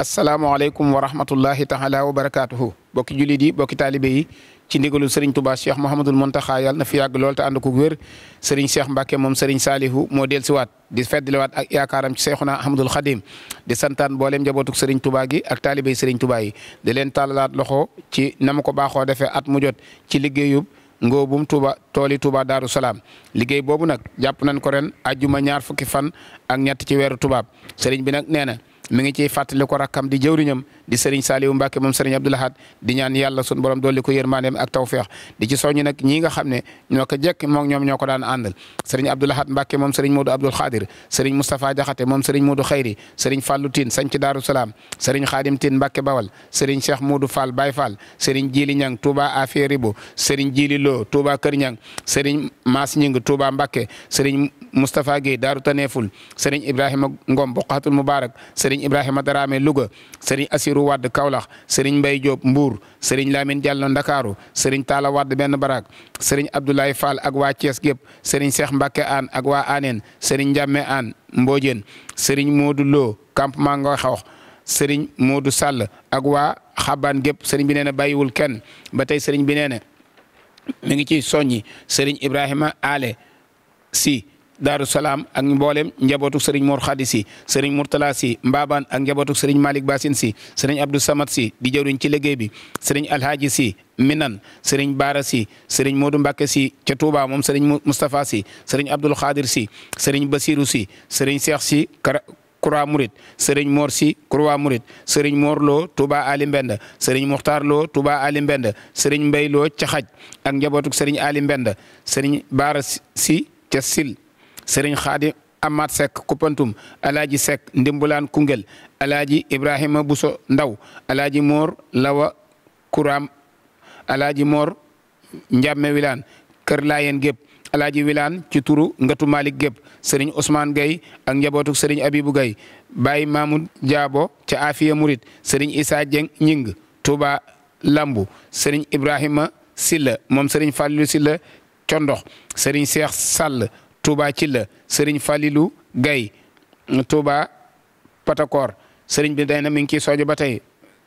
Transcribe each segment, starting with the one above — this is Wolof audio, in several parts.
asalaamaaleykum wa rahmatullahi taala wa barakaatuhu bokki jullit yi bokki taalibe yi ci ndigalul sëriñ Touba Cheikh Mouhamadul Montaxa yàlla na fi yàgg lool te ànd ko wér sëriñ Cheikh Mbacke moom sëriñ Saalihu moo dellusiwaat di feddliwaat ak yaakaaram ci Seexuna Ahmadul Xadim di santaan booleem njabootuk sëriñ Touba gi ak taalibe yi sëriñ Touba yi di leen tàllalaat loxo ci na ma ko baaxoo defee at mu jot ci liggéeyub ngóobum Touba tooli Touba Daaru Salaam liggéey boobu nag jàpp nañ ko ren ajjuma ñaar fukki fan ak ñett ci weeru tubaab sëriñ bi nag nee na mi ngi ciy fàttali ko rakkam di jëwriñam di Serigne Saliou Mbacke moom Serigne Abdou Lahad di ñaan yàlla sun borom dolli ko yërmandeem ak tawféex di ci soññi nag ñii nga xam ne ñoo ko jekk moom ñoom ñoo ko daan àndal Serigne Abdou Lahad Mbacke moom Serigne Modou Abdoul Khadir Serigne Moustapha Diakhaté moom Serigne Modou Khayri Serigne Fallou Tine sanc Daaru Salaam Serigne Khadim Tine Mbacke Bawal Serigne Cheikh Modou Fall Baye Fall Serigne Djili Niang Touba Afia Ribo Serigne Djili Lo Touba Kër Niang Serigne Mass Ñing Touba Mbacke Serigne Moustapha Guèye Daaru Taneeful Serigne Ibrahima Ngom Bokhatul Moubarak Serigne Ibrahima Darame Louga Bassirou Wade Kaolack Serigne Mbaye Diop Mbour Serigne Lamine Diallo Ndakaaru Serigne Talla Wade benn barak Serigne Abdoulaye Fall ak waa Thiès gépp Serigne Cheikh Mbacke Aan ak waa Aaneen Serigne Ndiame Aan Mbodiène Serigne Modou Lo campement nga xoox Serigne Modou Sall ak waa Xabaan gépp Serigne bi nee na bàyyiwul kenn ba tey Serigne bi nee na ngi ciy soññi Serigne Ibrahima Ale si. daaru salaam ak mboolem njabootu sëriñ Mor Khady si sëriñ Mourtala si Mbaban ak njabootu sëriñ Malick Bassine si sëriñ Abdou Samad si di jëruñ ci liggéey bi sëriñ Alhaji si Minan sëriñ Baara si sëriñ Modou Mbacke si ca Touba moom sëriñ Moustapha si sëriñ Abdoul Khadir si sëriñ Basirou si sëriñ Cheikh si Croix Mouride sëriñ Mor si kura Mouride sëriñ Mor Lo Touba Ali Mbend sëriñ Muxtaar Lo Touba Ali Mbend sëriñ Mbay Lo ca Xaj ak njabootu sëriñ Ali Mbend sëriñ Baara si ca Serigne Xaadi sek Seck Koupantoum Alaaji Seck Ndimbulaan Koungheul Alaaji Ibrahima Bousso Ndaw Alaaji Mor Lawa Kouram Alaaji Mor Ndiame Wilane Kër Laayeen Gépp Alaaji Wilane ci turu Ngatu Malick Gépp Serigne Ousmane Gueye ak njabootu Serigne Abibou Gueye Baye Mamoud Diabo ca Afia Mouride Serigne Issa Dieng Ñing Touba Lambu Serigne Ibrahima Silla moom Serigne Fallou Silla Condox Serigne Cheikh Sall Touba Cilla Serigne Falilou gay Touba Patakor Serigne bi day na mi ngi ciy soojo ba tey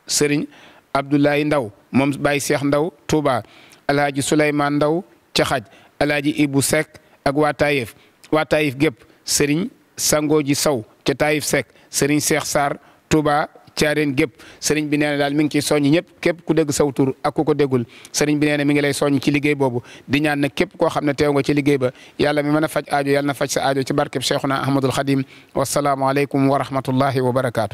Serigne Abdoulaye Ndaw moom Baye Cheikh Ndaw Touba Alhaji Souleymane Ndaw Caxaj Alhaji Ibou Seck ak waa Taïf waa Taïf gépp Serigne Sangooji Sow ca Taïf Seck Serigne Cheikh Sarr Touba caareen gépp sëriñ bi daal mi ngi ciy soññ ñëpp képp ku dégg saw tur ak ku ko déggul sëriñ bi nee na mi ngi lay soññ ci liggéey boobu di ñaan nag képp koo xam ne teew nga ci liggéey ba yàlla mi mën a faj aajo yàlla na faj sa aajo ci barkeb Cheikhuna Ahmadul Xadim wasalaamualeykum wa rahmatullahi wa